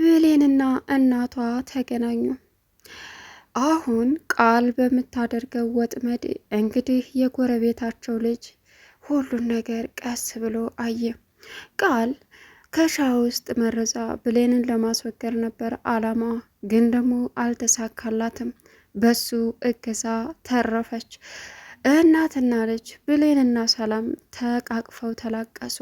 ብሌንና እናቷ ተገናኙ። አሁን ቃል በምታደርገው ወጥመድ እንግዲህ የጎረቤታቸው ልጅ ሁሉን ነገር ቀስ ብሎ አየ። ቃል ከሻ ውስጥ መረዛ ብሌንን ለማስወገድ ነበር አላማ፣ ግን ደግሞ አልተሳካላትም። በሱ እገዛ ተረፈች። እናትና ልጅ ብሌንና ሰላም ተቃቅፈው ተላቀሱ።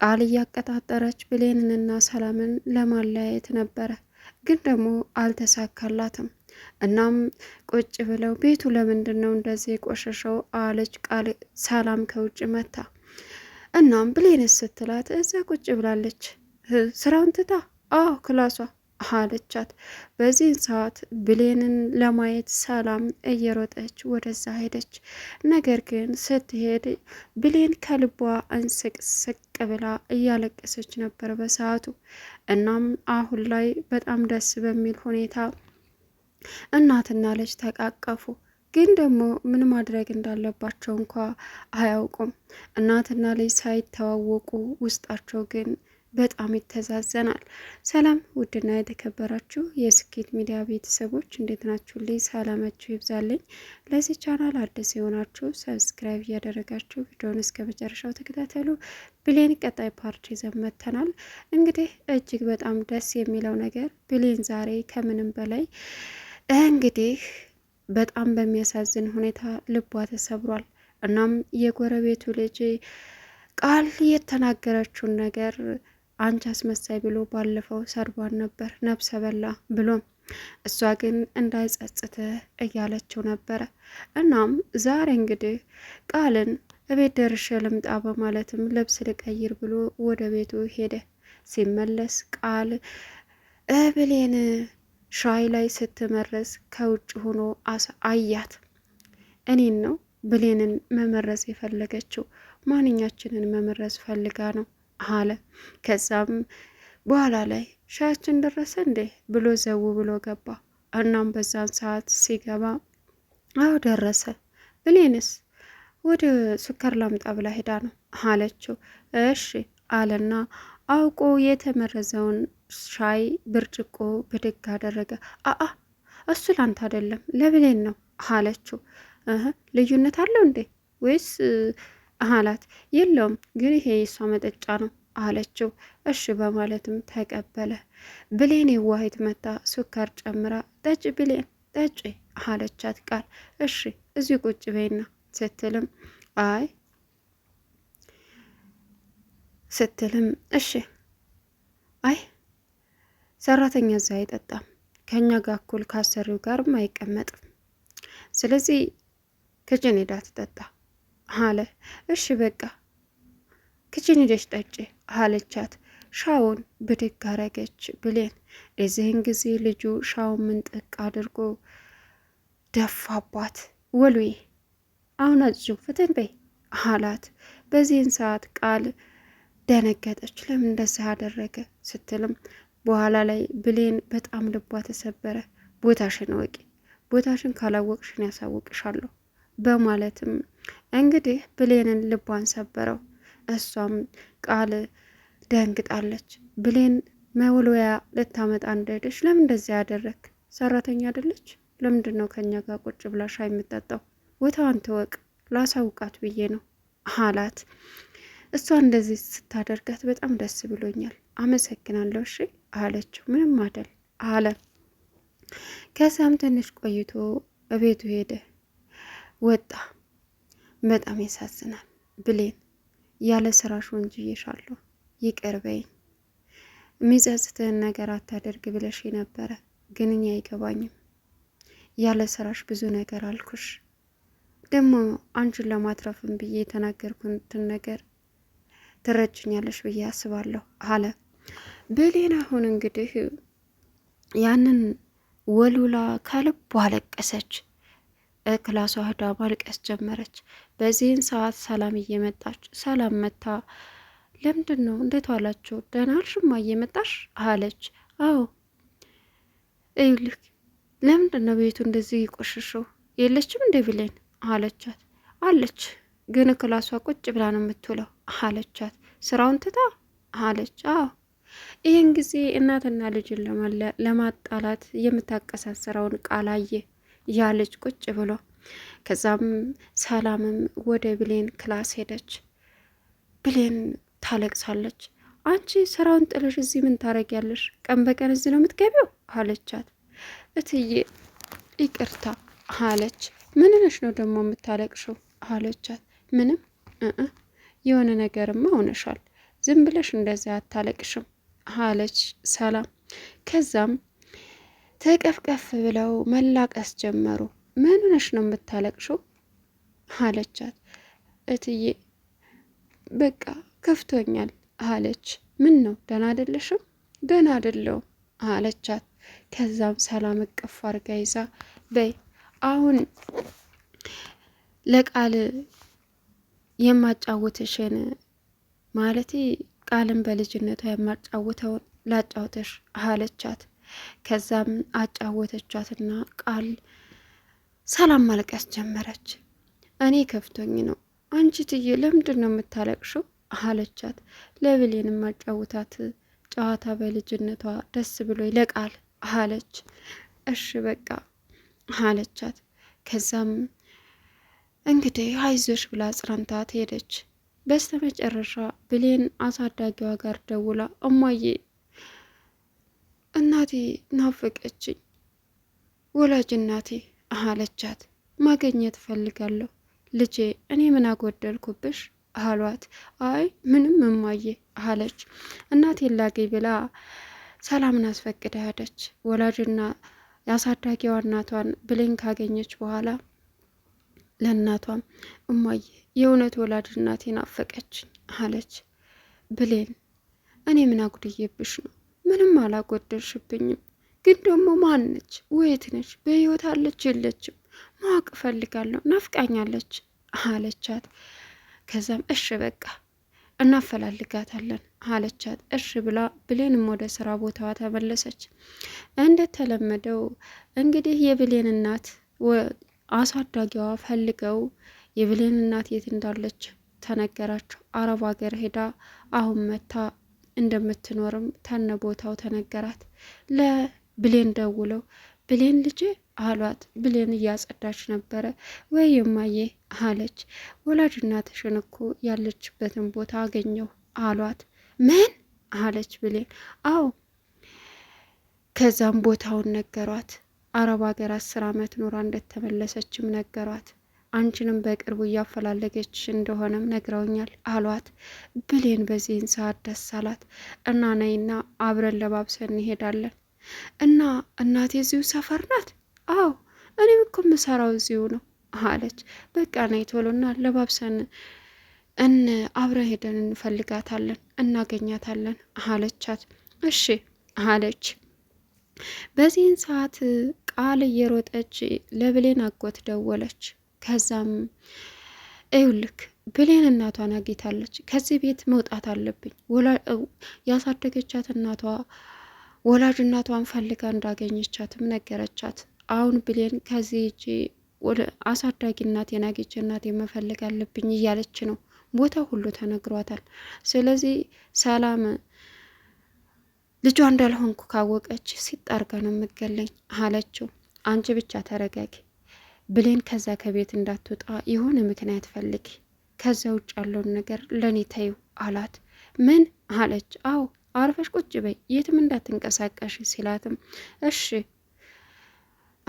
ቃል እያቀጣጠረች ብሌንንና ሰላምን ለማለያየት ነበረ፣ ግን ደግሞ አልተሳካላትም። እናም ቁጭ ብለው ቤቱ ለምንድን ነው እንደዚህ የቆሸሸው አለች ቃል ሰላም ከውጭ መታ። እናም ብሌንስ ስትላት እዛ ቁጭ ብላለች ስራውን ትታ አዎ ክላሷ አለቻት። በዚህን ሰዓት ብሌንን ለማየት ሰላም እየሮጠች ወደዛ ሄደች። ነገር ግን ስትሄድ ብሌን ከልቧ እንስቅስቅ ብላ እያለቀሰች ነበር በሰዓቱ። እናም አሁን ላይ በጣም ደስ በሚል ሁኔታ እናትና ልጅ ተቃቀፉ። ግን ደግሞ ምን ማድረግ እንዳለባቸው እንኳ አያውቁም። እናትና ልጅ ሳይተዋወቁ ውስጣቸው ግን በጣም ይተዛዘናል። ሰላም ውድና የተከበራችሁ የስኬት ሚዲያ ቤተሰቦች እንዴት ናችሁ? ልይ ሰላማችሁ ይብዛልኝ። ለዚህ ቻናል አዲስ የሆናችሁ ሰብስክራይብ እያደረጋችሁ ቪዲዮን እስከ መጨረሻው ተከታተሉ። ብሌን ቀጣይ ፓርቲ ይዘን መተናል። እንግዲህ እጅግ በጣም ደስ የሚለው ነገር ብሌን ዛሬ ከምንም በላይ እንግዲህ በጣም በሚያሳዝን ሁኔታ ልቧ ተሰብሯል። እናም የጎረቤቱ ልጅ ቃል የተናገረችውን ነገር አንቺ አስመሳይ ብሎ ባለፈው ሰርቧን ነበር ነብሰ በላ ብሎ እሷ ግን እንዳይጸጽትህ እያለችው ነበረ። እናም ዛሬ እንግዲህ ቃልን እቤት ደርሼ ልምጣ በማለትም ልብስ ልቀይር ብሎ ወደ ቤቱ ሄደ። ሲመለስ ቃል እብሌን ሻይ ላይ ስትመረዝ ከውጭ ሆኖ አያት። እኔን ነው ብሌንን መመረዝ የፈለገችው? ማንኛችንን መመረዝ ፈልጋ ነው? አለ። ከዛም በኋላ ላይ ሻያችን ደረሰ እንዴ ብሎ ዘው ብሎ ገባ። እናም በዛን ሰዓት ሲገባ አው ደረሰ። ብሌንስ ወደ ሱከር ላምጣ ብላ ሄዳ ነው አለችው። እሺ አለና አውቆ የተመረዘውን ሻይ ብርጭቆ ብድግ አደረገ። አአ እሱ ላንተ አይደለም ለብሌን ነው አለችው። ልዩነት አለው እንዴ ወይስ አላት። የለውም ግን ይሄ የእሷ መጠጫ ነው አለችው። እሺ በማለትም ተቀበለ። ብሌን የዋሂት መታ ሱካር ጨምራ ጠጭ ብሌን ጠጭ አለቻት። ቃል እሺ እዚህ ቁጭ በይና ስትልም አይ ስትልም እሺ አይ ሰራተኛ እዛ አይጠጣም ከእኛ ጋር እኩል ካሰሪው ጋርም አይቀመጥም። ስለዚህ ክጅን ሄዳ ትጠጣ አለ። እሺ በቃ ክችን ሂደሽ ጠጪ አለቻት። ሻውን ብድግ አረገች ብሌን። የዚህን ጊዜ ልጁ ሻውን ምንጥቅ አድርጎ ደፋባት። ወሉዬ አሁን አጽጁ ፍትን በይ አላት። በዚህን ሰዓት ቃል ደነገጠች። ለምን እንደዚህ አደረገ ስትልም በኋላ ላይ ብሌን በጣም ልቧ ተሰበረ። ቦታሽን ወቂ ቦታሽን ካላወቅሽን ያሳውቅሻለሁ በማለትም እንግዲህ ብሌንን ልቧን ሰበረው። እሷም ቃል ደንግጣለች። ብሌን መውልወያ ልታመጣ እንደሄደች ለምን እንደዚያ ያደረግ ሰራተኛ አይደለች? ለምንድን ነው ከኛ ጋር ቁጭ ብላ ሻይ የምጠጣው? ቦታዋን ትወቅ፣ ላሳውቃት ብዬ ነው አላት። እሷ እንደዚህ ስታደርጋት በጣም ደስ ብሎኛል፣ አመሰግናለሁ። እሺ አለችው። ምንም አደል አለ። ከዚያም ትንሽ ቆይቶ እቤቱ ሄደ ወጣ በጣም ያሳዝናል። ብሌን ያለ ስራሽ ወንጅዬሻለሁ፣ ይቅር በይኝ። የሚጸጽትህን ነገር አታደርግ ብለሽ ነበረ፣ ግን እኔ አይገባኝም። ያለ ስራሽ ብዙ ነገር አልኩሽ። ደግሞ አንቺን ለማትረፍም ብዬ የተናገርኩትን ነገር ትረጅኛለሽ ብዬ አስባለሁ አለ ብሌን። አሁን እንግዲህ ያንን ወሉላ ከልቧ አለቀሰች። ክላሷ ህዳ ማልቀስ ጀመረች። በዚህን ሰዓት ሰላም እየመጣች ሰላም መታ ለምንድን ነው እንዴት ዋላችሁ? ደህና ዋልሽ እየመጣሽ አለች። አዎ እዩልክ ለምንድን ነው ቤቱ እንደዚህ የቆሸሸው? የለችም እንደ ብሌን አለቻት። አለች ግን ክላሷ ቁጭ ብላ ነው የምትውለው አለቻት። ስራውን ትታ አለች። አዎ ይህን ጊዜ እናትና ልጅን ለማጣላት የምታቀሳሰረውን ቃል አየ። ያለች ቁጭ ብሎ። ከዛም ሰላምም ወደ ብሌን ክላስ ሄደች። ብሌን ታለቅሳለች። አንቺ ስራውን ጥለሽ እዚህ ምን ታረጊያለሽ? ቀን በቀን እዚህ ነው የምትገቢው አለቻት። እትዬ ይቅርታ አለች። ምንነሽ ነው ደግሞ የምታለቅሽው አለቻት። ምንም የሆነ ነገርማ ሆነሻል። ዝም ብለሽ እንደዚያ አታለቅሽም አለች ሰላም። ከዛም ተቀፍቀፍ ብለው መላቀስ ጀመሩ። ምን ሆነሽ ነው የምታለቅሽው? አለቻት። እትዬ በቃ ከፍቶኛል አለች። ምን ነው ደህና አይደለሽም? ደህና አይደለሁም አለቻት። ከዛም ሰላም እቅፍ አርጋ ይዛ በይ አሁን ለቃል የማጫወትሽን ማለቴ ቃልን በልጅነቷ የማጫወተውን ላጫውተሽ አለቻት። ከዛም አጫወተቻትና ቃል ሰላም ማልቀስ ጀመረች። እኔ ከፍቶኝ ነው አንቺ ትዬ ለምንድን ነው የምታለቅሽው? አለቻት። ለብሌንም አጫውታት ጨዋታ በልጅነቷ ደስ ብሎ ይለቃል አለች። እሺ በቃ አለቻት። ከዛም እንግዲህ አይዞሽ ብላ ጽናንታት ሄደች። በስተመጨረሻ ብሌን አሳዳጊዋ ጋር ደውላ እማዬ እናቴ ናፈቀችኝ ወላጅ እናቴ አለቻት። ማገኘት ፈልጋለሁ ልጄ፣ እኔ ምን አጎደልኩብሽ አሏት። አይ ምንም እማዬ አለች። እናቴን ላገኝ ብላ ሰላምን አስፈቅዳ ሄደች። ወላጅና ያሳዳጊዋ እናቷን ብሌን ካገኘች በኋላ ለእናቷም እማዬ የእውነት ወላጅ እናቴ ናፈቀችኝ አለች። ብሌን እኔ ምን አጉድዬብሽ ነው ምንም አላጎደልሽብኝም። ግን ደግሞ ማን ነች? ወየት ነች? በህይወት አለች የለችም? ማወቅ እፈልጋለሁ። ናፍቃኛለች አለቻት። ከዛም እሽ በቃ እናፈላልጋታለን አለቻት። እሽ ብላ ብሌንም ወደ ስራ ቦታዋ ተመለሰች። እንደተለመደው እንግዲህ የብሌን እናት አሳዳጊዋ ፈልገው የብሌን እናት የት እንዳለች ተነገራቸው። አረብ ሀገር ሄዳ አሁን መታ እንደምትኖርም ተነ ቦታው ተነገራት። ለብሌን ደውለው ብሌን ልጅ አሏት። ብሌን እያጸዳች ነበረ። ወይ የማዬ አለች። ወላጅ እናትሽን እኮ ያለችበትን ቦታ አገኘው አሏት። ምን አለች ብሌን? አዎ። ከዛም ቦታውን ነገሯት። አረብ ሀገር አስር አመት ኖራ እንደተመለሰችም ነገሯት። አንቺንም በቅርቡ እያፈላለገች እንደሆነም ነግረውኛል አሏት። ብሌን በዚህን ሰዓት ደስ አላት እና ነይና አብረን ለባብሰን እንሄዳለን እና እናቴ እዚሁ ሰፈር ናት? አዎ እኔም እኮ የምሰራው እዚሁ ነው አለች። በቃ ነይ ቶሎና ለባብሰን እን አብረን ሄደን እንፈልጋታለን እናገኛታለን አለቻት። እሺ አለች። በዚህን ሰዓት ቃል እየሮጠች ለብሌን አጎት ደወለች። ከዛም እዩልክ ብሌን እናቷን አግኝታለች። ከዚህ ቤት መውጣት አለብኝ። ያሳደገቻት እናቷ ወላጅ እናቷን ፈልጋ እንዳገኘቻትም ነገረቻት። አሁን ብሌን ከዚህ እጅ አሳዳጊ እናት የናጌች እናት የመፈለግ አለብኝ እያለች ነው። ቦታ ሁሉ ተነግሯታል። ስለዚህ ሰላም ልጇ እንዳልሆንኩ ካወቀች ሲጣርጋ ነው የምገለኝ አለችው። አንቺ ብቻ ተረጋጊ ብሌን ከዛ ከቤት እንዳትወጣ የሆነ ምክንያት ፈልግ፣ ከዛ ውጭ ያለውን ነገር ለእኔ ተይው አላት። ምን አለች? አዎ አርፈሽ ቁጭ በይ የትም እንዳትንቀሳቀሽ ሲላትም እሺ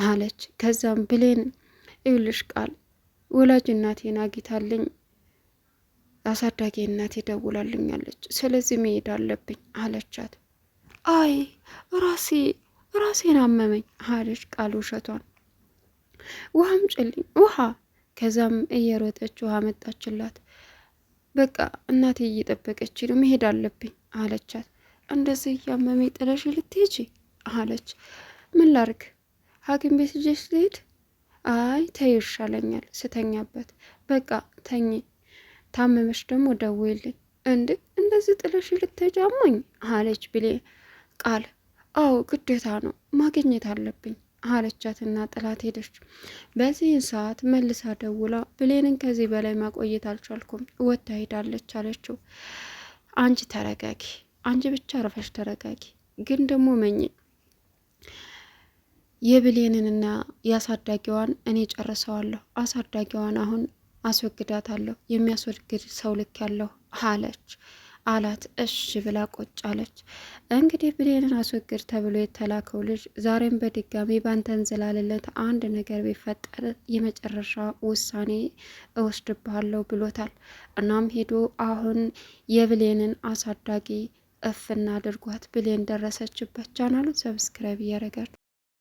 አለች። ከዛም ብሌን ይውልሽ ቃል ወላጅ እናቴን አግኝታልኝ አሳዳጊ እናቴ ደውላልኛለች። ስለዚህ መሄድ አለብኝ አለቻት። አይ ራሴ ራሴን አመመኝ አለች ቃል ውሸቷን ውሃም ጭልኝ ውሃ። ከዛም እየሮጠች ውሃ መጣችላት። በቃ እናቴ እየጠበቀች ነው መሄድ አለብኝ አለቻት። እንደዚህ እያመመኝ ጥለሽ ልትሄጂ አለች። ምን ላርግ ሐኪም ቤት ሂጅሽ ልሄድ? አይ ተይ ይሻለኛል ስተኛበት። በቃ ተኝ፣ ታመመች ደግሞ ደውይልኝ። እንድ እንደዚህ ጥለሽ ልትሄጂ አሞኝ አለች ብሌ ቃል። አዎ ግዴታ ነው ማግኘት አለብኝ አለቻትና ጥላት ሄደች። በዚህን ሰዓት መልሳ ደውላ ብሌንን ከዚህ በላይ ማቆየት አልቻልኩም ወታ ሄዳለች አለችው። አንቺ ተረጋጊ፣ አንቺ ብቻ አርፈሽ ተረጋጊ። ግን ደግሞ መኝ የብሌንንና የአሳዳጊዋን እኔ ጨርሰዋለሁ። አሳዳጊዋን አሁን አስወግዳታለሁ። የሚያስወግድ ሰው ልክ ያለሁ አለች። አላት። እሺ ብላ ቁጭ አለች። እንግዲህ ብሌንን አስወግድ ተብሎ የተላከው ልጅ ዛሬም በድጋሚ ባንተንዝላልለት አንድ ነገር ቢፈጠር የመጨረሻ ውሳኔ እወስድብሃለሁ ብሎታል። እናም ሄዶ አሁን የብሌንን አሳዳጊ እፍና አድርጓት። ብሌን ደረሰችበት። ቻናሉን ሰብስክራይብ እያደረጋችሁ